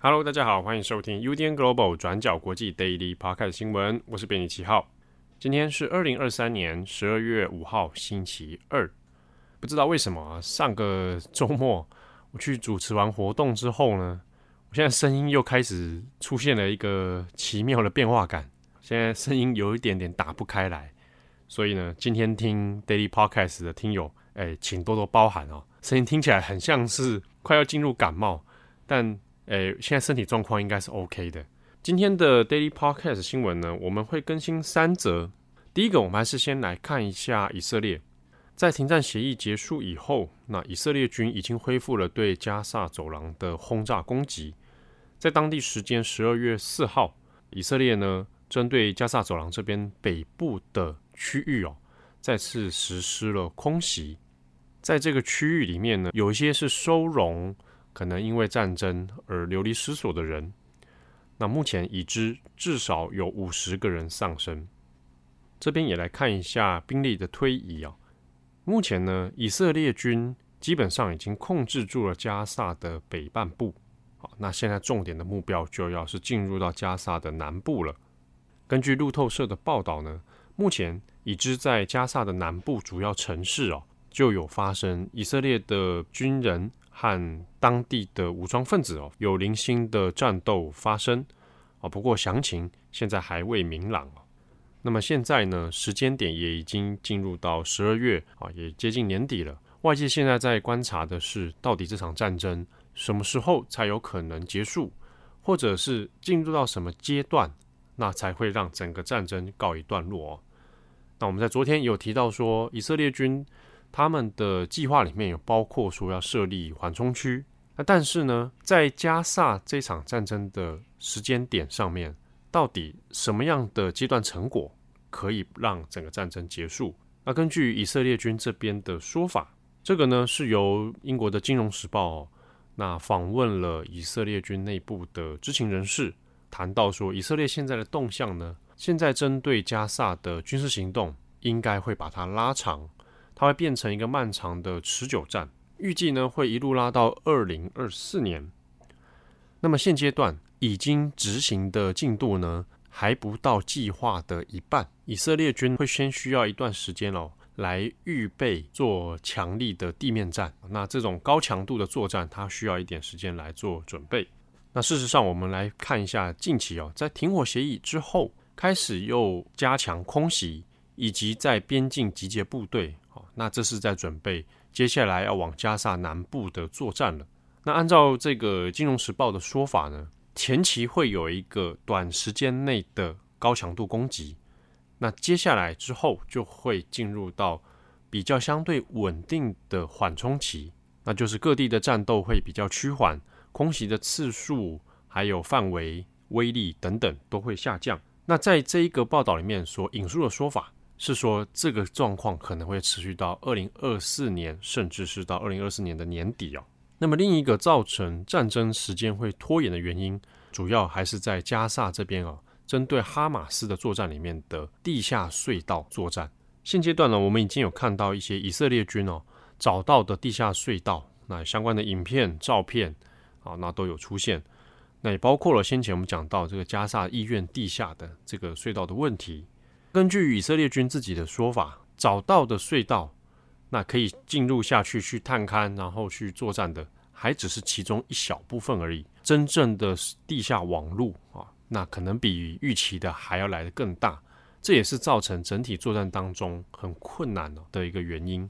Hello，大家好，歡迎收聽 UDN Global 轉角國際 Daily Podcast 新聞，我是編輯七號，今天是二零二三年十二月五號星期二。不知道為什麼啊，上個周末我去主持完活動之後呢，我現在聲音又開始出現了一個奇妙的變化感，現在聲音有一點點打不開來，所以呢，今天聽 Daily Podcast 的聽友，哎，請多多包涵哦，聲音聽起來很像是快要進入感冒，但哎，現在身體狀況應該是 OK 的。今天的 Daily Podcast 新聞呢，我們會更新三則，第一個我們還是先來看一下以色列。在停戰協議結束以後，那以色列軍已經恢復了對加薩走廊的轟炸攻擊。在當地時間十二月四號，以色列呢針對加薩走廊這邊北部的區域哦，再次實施了空襲。在這個區域裡面呢，有一些是收容可能因為戰爭而流離失所的人。那目前已知至少有五十個人喪生。這邊也來看一下兵力的推移啊、哦。目前呢，以色列軍基本上已經控制住了加薩的北半部。好，那現在重點的目標就要是進入到加薩的南部了。根據路透社的報道呢，目前已知在加薩的南部主要城市哦，就有發生以色列的軍人和當地的武裝分子哦，有零星的戰鬥發生。不過詳情現在還未明朗。那麼現在呢，時間點也已經進入到十二月啊，也接近年底了。外界現在在觀察的是，到底這場戰爭什麼時候才有可能結束，或者是進入到什麼階段，那才會讓整個戰爭告一段落哦。那我們在昨天有提到說，以色列軍他們的計劃裡面有包括說要設立緩衝區，那但是呢，在加薩這場戰爭的時間點上面，到底什麼樣的階段成果可以讓整個戰爭結束？那根據以色列軍這邊的說法，這個呢是由英國的《金融時報》那訪問了以色列軍內部的知情人士，談到說，以色列現在的動向呢，現在針對加薩的軍事行動應該會把它拉長，它會變成一個漫長的持久戰，預計呢會一路拉到二零二四年。那麼現階段。已經執行的進度呢，還不到計劃的一半。以色列軍會先需要一段時間哦，來預備做強力的地面戰。那這種高強度的作戰，它需要一點時間來做準備。那事實上，我們來看一下近期哦，在停火協議之後，開始又加強空襲，以及在邊境集結部隊啊。那這是在準備接下來要往加薩南部的作戰了。那按照這個《金融時報》的說法呢？前期會有一個短時間內的高強度攻擊，那接下來之後就會進入到比較相對穩定的緩衝期，那就是各地的戰鬥會比較趨緩，空襲的次數、還有範圍、威力等等都會下降。那在這一個報道裡面所引述的說法是說，這個狀況可能會持續到二零二四年，甚至是到二零二四年的年底啊、哦。那麼，另一個造成戰爭時間會拖延的原因，主要還是在加沙這邊啊。針對哈馬斯的作戰裡面的地下隧道作戰，現階段呢，我們已經有看到一些以色列軍哦、啊、找到的地下隧道，那相關的影片、照片啊，那都有出現。那也包括了先前我們講到這個加沙醫院地下的這個隧道的問題。根據以色列軍自己的說法，找到的隧道。那可以進入下去去探勘，然後去作戰的，還只是其中一小部分而已。真正的地下網路啊，那可能比預期的還要來得更大，這也是造成整體作戰當中很困難的一個原因。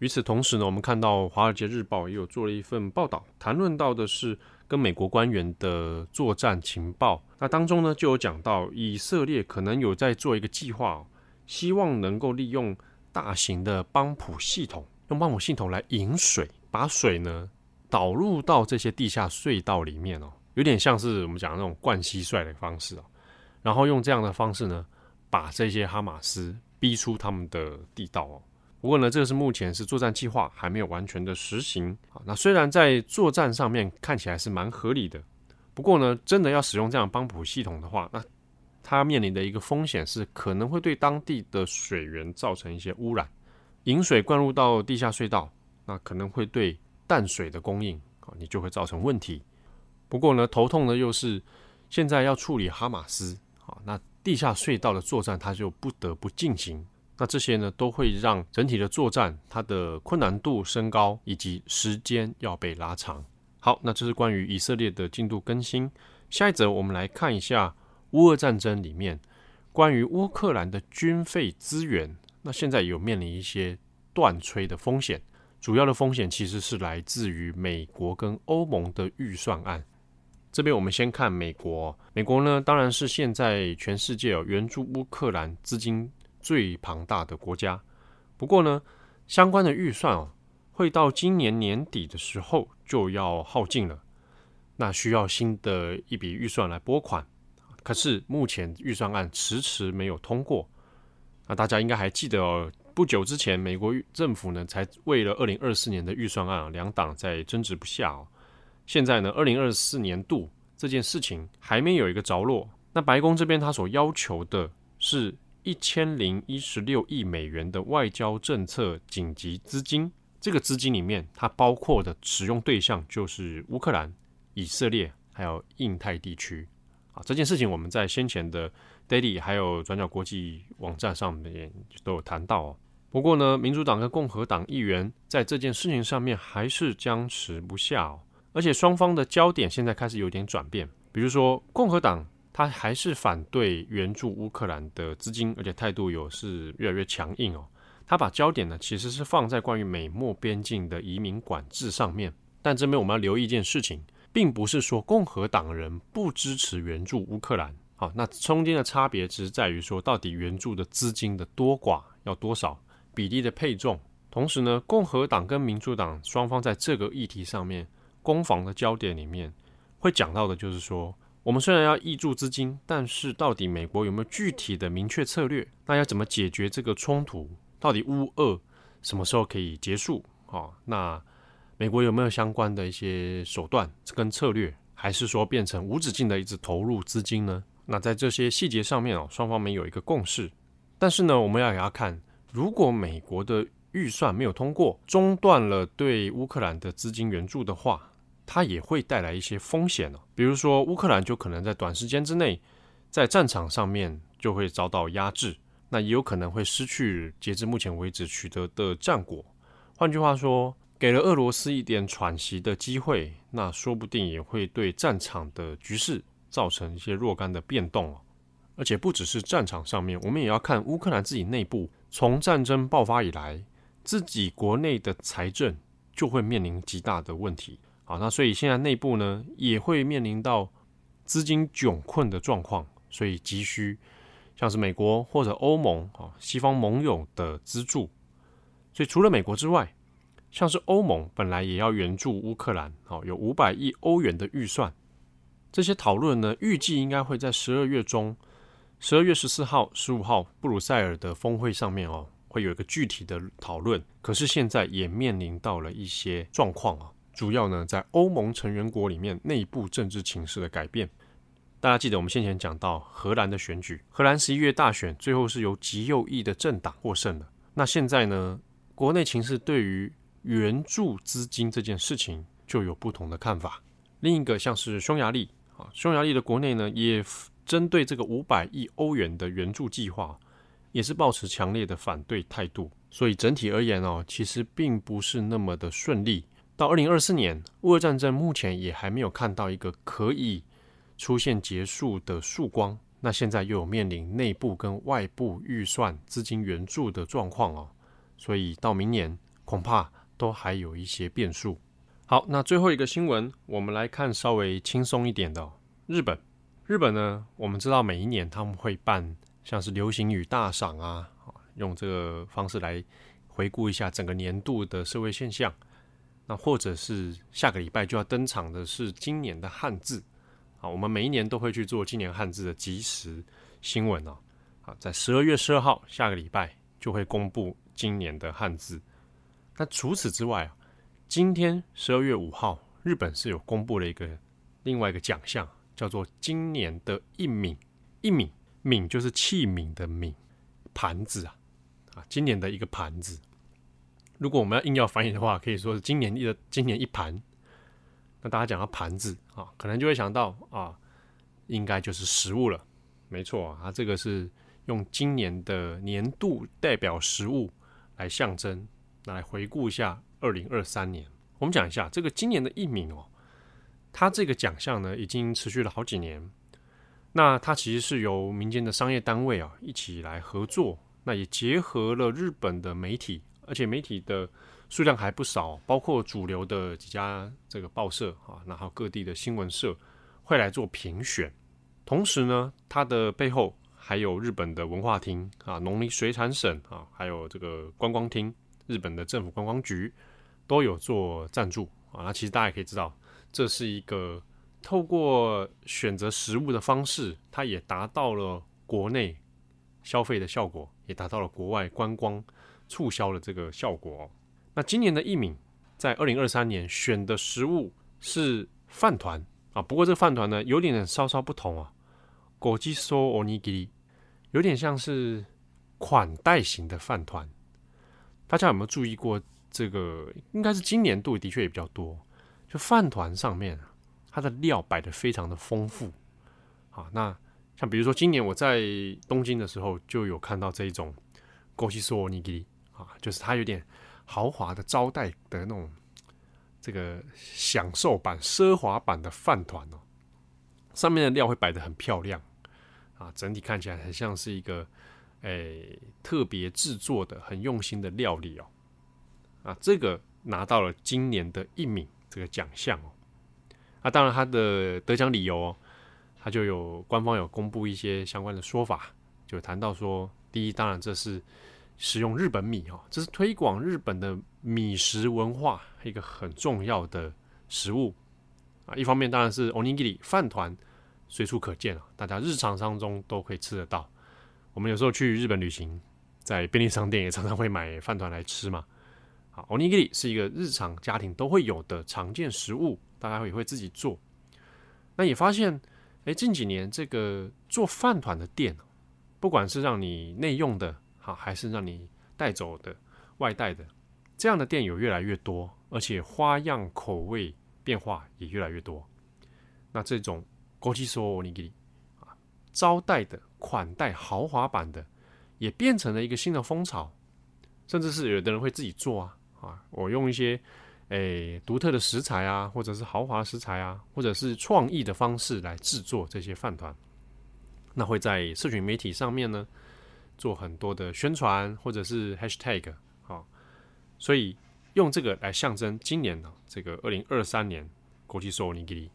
與此同時呢，我們看到《華爾街日報》也有做了一份報道，談論到的是跟美國官員的作戰情報。那當中呢，就有講到以色列可能有在做一個計劃，希望能夠利用。大型的幫浦系統，用幫浦系統來引水，把水呢導入到這些地下隧道裡面哦，有點像是我們講的那種灌蟋蟀的方式啊、哦。然後用這樣的方式呢，把這些哈馬斯逼出他們的地道哦。不過呢，這個是目前是作戰計劃還沒有完全的實行啊。那雖然在作戰上面看起來是蠻合理的，不過呢，真的要使用這樣幫浦系統的話，那它面臨的一個風險是，可能會對當地的水源造成一些污染，引水灌入到地下隧道，那可能會對淡水的供應啊，你就會造成問題。不過呢，頭痛的又是現在要處理哈馬斯啊，那地下隧道的作戰，它就不得不進行。那這些呢，都會讓整體的作戰它的困難度升高，以及時間要被拉長。好，那這是關於以色列的進度更新。下一則我們來看一下。烏俄戰爭裡面，關於烏克蘭的軍費資源，那現在有面臨一些斷炊的風險。主要的風險其實是來自於美國跟歐盟的預算案。這邊我們先看美國、哦，美國呢，當然是現在全世界哦，援助烏克蘭資金最龐大的國家。不過呢，相關的預算哦，會到今年年底的時候就要耗盡了，那需要新的一筆預算來撥款。可是目前預算案遲遲沒有通過，那大家應該還記得哦，不久之前美國政府呢才為了二零二四年的預算案，兩黨在爭執不下哦。現在呢，二零二四年度這件事情還沒有一個着落。那白宮這邊他所要求的是一千零一十六億美元的外交政策緊急資金，這個資金裡面它包括的使用對象就是烏克蘭、以色列還有印太地區。啊，這件事情我們在先前的 Daily 還有轉角國際網站上面都有談到哦。不過呢，民主黨跟共和黨議員在這件事情上面還是僵持不下哦。而且雙方的焦點現在開始有點轉變，比如說共和黨他還是反對援助烏克蘭的資金，而且態度有是越來越強硬哦。他把焦點呢其實是放在關於美墨邊境的移民管制上面。但這邊我們要留意一件事情。並不是說共和黨人不支持援助烏克蘭，好，那中間的差別只是在於說，到底援助的資金的多寡要多少比例的配重。同時呢，共和黨跟民主黨雙方在這個議題上面攻防的焦點裡面，會講到的就是說，我們雖然要挹注資金，但是到底美國有沒有具體的明確策略？那要怎麼解決這個衝突？到底烏俄什麼時候可以結束？啊，那。美國有沒有相關的一些手段、跟策略，還是說變成無止境的一直投入資金呢？那在這些細節上面哦，雙方沒有一個共識。但是呢，我們要給大家看，如果美國的預算沒有通過，中斷了對烏克蘭的資金援助的話，它也會帶來一些風險哦。比如說，烏克蘭就可能在短時間之內，在戰場上面就會遭到壓制，那也有可能會失去截至目前為止取得的戰果。換句話說。給了俄羅斯一點喘息的機會，那說不定也會對戰場的局勢造成一些若干的變動哦。而且不只是戰場上面，我們也要看烏克蘭自己內部，從戰爭爆發以來，自己國內的財政就會面臨極大的問題啊。那所以現在內部呢，也會面臨到資金窘困的狀況，所以急需像是美國或者歐盟啊，西方盟友的資助。所以除了美國之外，像是歐盟本來也要援助烏克蘭，哦，有五百億歐元的預算。這些討論呢，預計應該會在十二月中，十二月十四號、十五號布魯塞爾的峰會上面哦，會有一個具體的討論。可是現在也面臨到了一些狀況啊，哦，主要呢，在歐盟成員國裡面內部政治情勢的改變。大家記得我們先前講到荷蘭的選舉，荷蘭十一月大選最後是由極右翼的政黨獲勝的。那現在呢，國內情勢對於援助資金這件事情就有不同的看法。另一個像是匈牙利啊，匈牙利的國內呢也針對這個五百億歐元的援助計劃，也是抱持強烈的反對態度。所以整體而言哦，其實並不是那麼的順利。到二零二四年，烏俄戰爭目前也還沒有看到一個可以出現結束的曙光。那現在又有面臨內部跟外部預算資金援助的狀況哦，所以到明年恐怕。都還有一些變數。好，那最後一個新聞，我們來看稍微輕鬆一點的、哦、日本。日本呢，我們知道每一年他們會辦像是流行語大賞啊，用這個方式來回顧一下整個年度的社會現象。那或者是下個禮拜就要登場的是今年的漢字。好，我們每一年都會去做今年漢字的即時新聞哦。啊，在十二月十二號下個禮拜就會公布今年的漢字。那除此之外啊，今天十二月五號，日本是有公布了一個另外一個獎項，叫做今年的一皿，一皿，皿就是器皿的皿、盤子啊啊，今年的一個盤子。如果我們要硬要翻譯的話，可以說是今年一的今年一盤。那大家講到盤子啊，可能就會想到啊，應該就是食物了。沒錯啊，它這個是用今年的年度代表食物來象徵。來回顧一下二零二三年，我們講一下這個今年的一皿哦。它這個獎項呢，已經持續了好幾年。那它其實是由民間的商業單位啊、哦、一起來合作，那也結合了日本的媒體，而且媒體的數量還不少，包括主流的幾家這個報社啊，然後各地的新聞社會來做評選。同時呢，它的背後還有日本的文化廳啊、農林水產省啊，還有這個觀光廳。日本的政府觀光局都有做贊助啊，那其實大家也可以知道，這是一個透過選擇食物的方式，它也達到了國內消費的效果，也達到了國外觀光促銷的這個效果哦。那今年的一皿在二零二三年選的食物是飯糰啊，不過這個飯糰呢有點稍稍不同啊哦，ご馳走おにぎり有點像是款待型的飯糰。大家有沒有注意過這個？應該是今年度的確也比較多。就飯糰上面，它的料擺的非常的豐富啊。那像比如說今年我在東京的時候，就有看到這一種 Gochiso Onigiri 啊，就是它有點豪華的招待的那種，這個享受版、奢華版的飯糰哦。上面的料會擺的很漂亮啊，整體看起來很像是一個。哎、欸，特別製作的很用心的料理哦，啊，這個拿到了今年的一皿這個獎項哦。啊，當然他的得獎理由、哦，他就有官方有公布一些相關的說法，就談到說，第一，當然這是使用日本米哦，這是推廣日本的米食文化一個很重要的食物啊。一方面，當然是 onigiri 飯糰隨處可見啊、哦，大家日常當中都可以吃得到。我們有時候去日本旅行，在便利商店也常常會買飯糰來吃嘛。好，onigiri 是一個日常家庭都會有的常見食物，大家也會自己做。那也發現，哎、欸，近幾年這個做飯糰的店，不管是讓你內用的，好，還是讓你帶走的、外帶的，這樣的店有越來越多，而且花樣口味變化也越來越多。那這種 gochisou onigiri 啊，招待的。款待豪華版的，也變成了一個新的風潮，甚至是有的人會自己做啊啊！我用一些誒獨、欸、特的食材啊，或者是豪華食材啊，或者是創意的方式來制作這些飯糰，那會在社群媒體上面呢做很多的宣傳，或者是 hashtag 啊，所以用這個來象徵今年呢這個二零二三年國際 onigiri 日。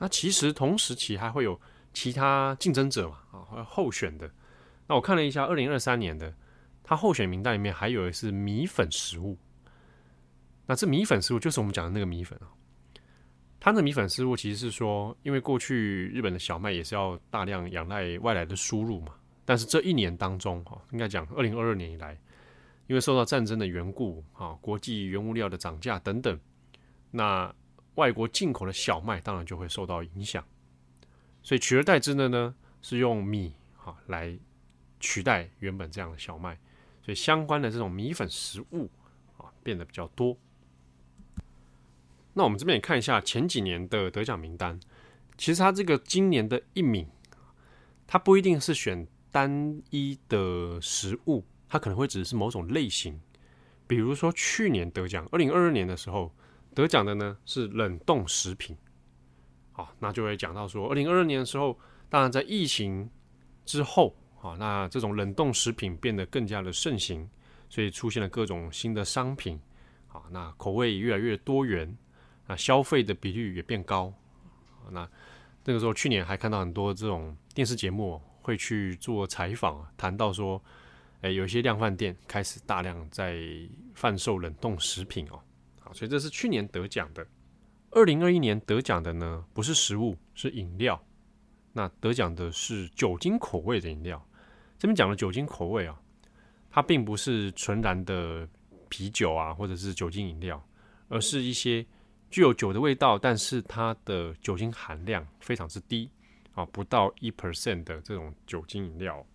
那其實同時期還會有。其他競爭者嘛，啊，候選的。那我看了一下，二零二三年的他候選名單裡面還有是米粉食物。那這米粉食物就是我們講的那個米粉啊。他那米粉食物其實是說，因為過去日本的小麥也是要大量仰賴外來的輸入嘛。但是這一年當中，哈，應該講二零二二年以來，因為受到戰爭的緣故，哈，國際原物料的漲價等等，那外國進口的小麥當然就會受到影響。所以取而代之的呢，是用米哈，來取代原本這樣的小麥，所以相關的這種米粉食物啊變得比較多。那我們這邊也看一下前幾年的得獎名單，其實它這個今年的一皿，它不一定是選單一的食物，它可能會只是某種類型，比如說去年得獎，二零二二年的時候得獎的呢是冷凍食品。啊，那就會講到說，二零二二年的時候，當然在疫情之後啊，那這種冷凍食品變得更加的盛行，所以出現了各種新的商品啊，那口味越來越多元，那消費的比率也變高。那那個時候去年還看到很多這種電視節目會去做採訪，談到說，哎、欸，有一些量販店開始大量在販售冷凍食品哦，好，所以這是去年得獎的。二零二一年得獎的呢，不是食物，是飲料。那得獎的是酒精口味的飲料。這邊講的酒精口味啊，它並不是純然的啤酒啊，或者是酒精飲料，而是一些具有酒的味道，但是它的酒精含量非常之低啊，不到一 percent 的這種酒精飲料。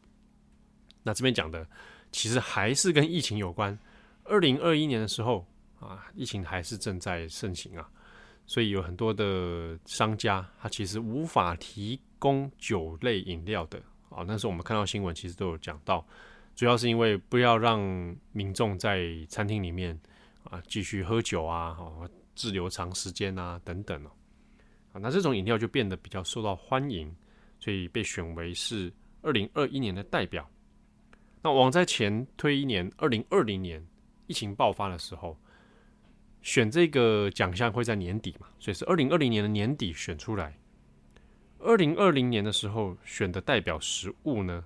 那這邊講的其實還是跟疫情有關。二零二一年的時候啊，疫情還是正在盛行啊。所以有很多的商家，他其實無法提供酒類飲料的啊。但是我們看到新聞，其實都有講到，主要是因為不要讓民眾在餐廳裡面啊繼續喝酒啊、滯留長時間啊等等哦。那這種飲料就變得比較受到歡迎，所以被選為是二零二一年的代表。那往在前推一年，二零二零年疫情爆發的時候。選這個獎項會在年底嘛，所以是二零二零年的年底選出來。二零二零年的時候選的代表食物呢，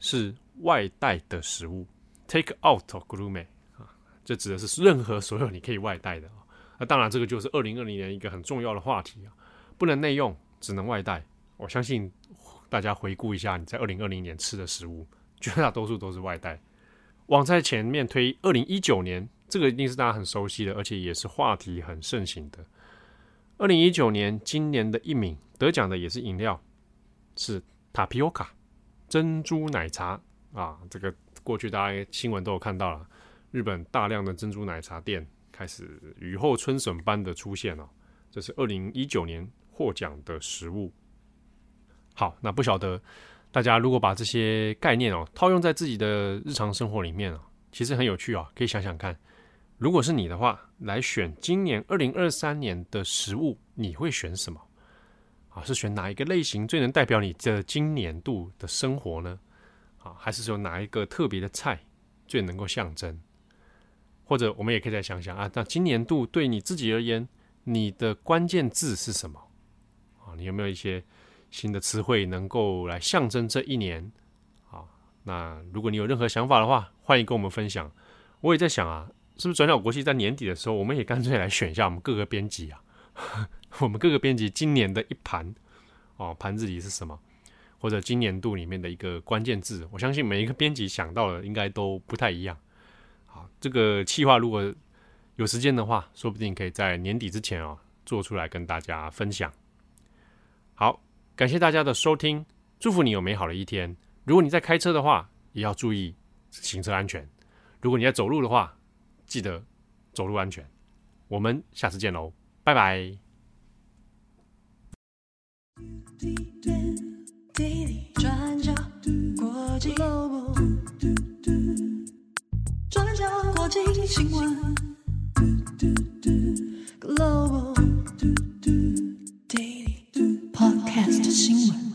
是外帶的食物 （take out o c u i m a n e 啊，這指的是任何所有你可以外帶的啊。那當然，這個就是二零二零年一個很重要的話題啊，不能內用，只能外帶。我相信大家回顧一下你在二零二零年吃的食物，絕大多數都是外帶。往在前面推，二零一九年。這個一定是大家很熟悉的，而且也是話題很盛行的。二零一九年，今年的一皿得獎的也是飲料，是塔皮歐卡珍珠奶茶啊。這個過去大家新聞都有看到了，日本大量的珍珠奶茶店開始雨後春筍般的出現了。這是二零一九年獲獎的食物。好，那不曉得大家如果把這些概念哦套用在自己的日常生活裡面哦，其實很有趣啊，可以想想看。如果是你的話，來選今年2023年的食物，你會選什麼？啊，是選哪一個類型最能代表你的今年度的生活呢？啊，還是說哪一個特別的菜最能夠象徵？或者我們也可以再想想啊，那今年度對你自己而言，你的關鍵字是什麼？啊，你有沒有一些新的詞彙能夠來象徵這一年？啊，那如果你有任何想法的話，歡迎跟我們分享。我也在想啊。是不是轉角國際在年底的時候，我們也乾脆來選一下我們各個編輯啊？ 我們各個編輯今年的一盤哦，盤子裡是什麼？或者今年度裡面的一個關鍵字？我相信每一個編輯想到的應該都不太一樣。好，這個計劃如果有時間的話，說不定可以在年底之前哦做出來跟大家分享。好，感謝大家的收聽，祝福你有美好的一天。如果你在開車的話，也要注意行車安全；如果你在走路的話，記得走路安全，我們下次見嘍，拜拜。Podcast 新聞。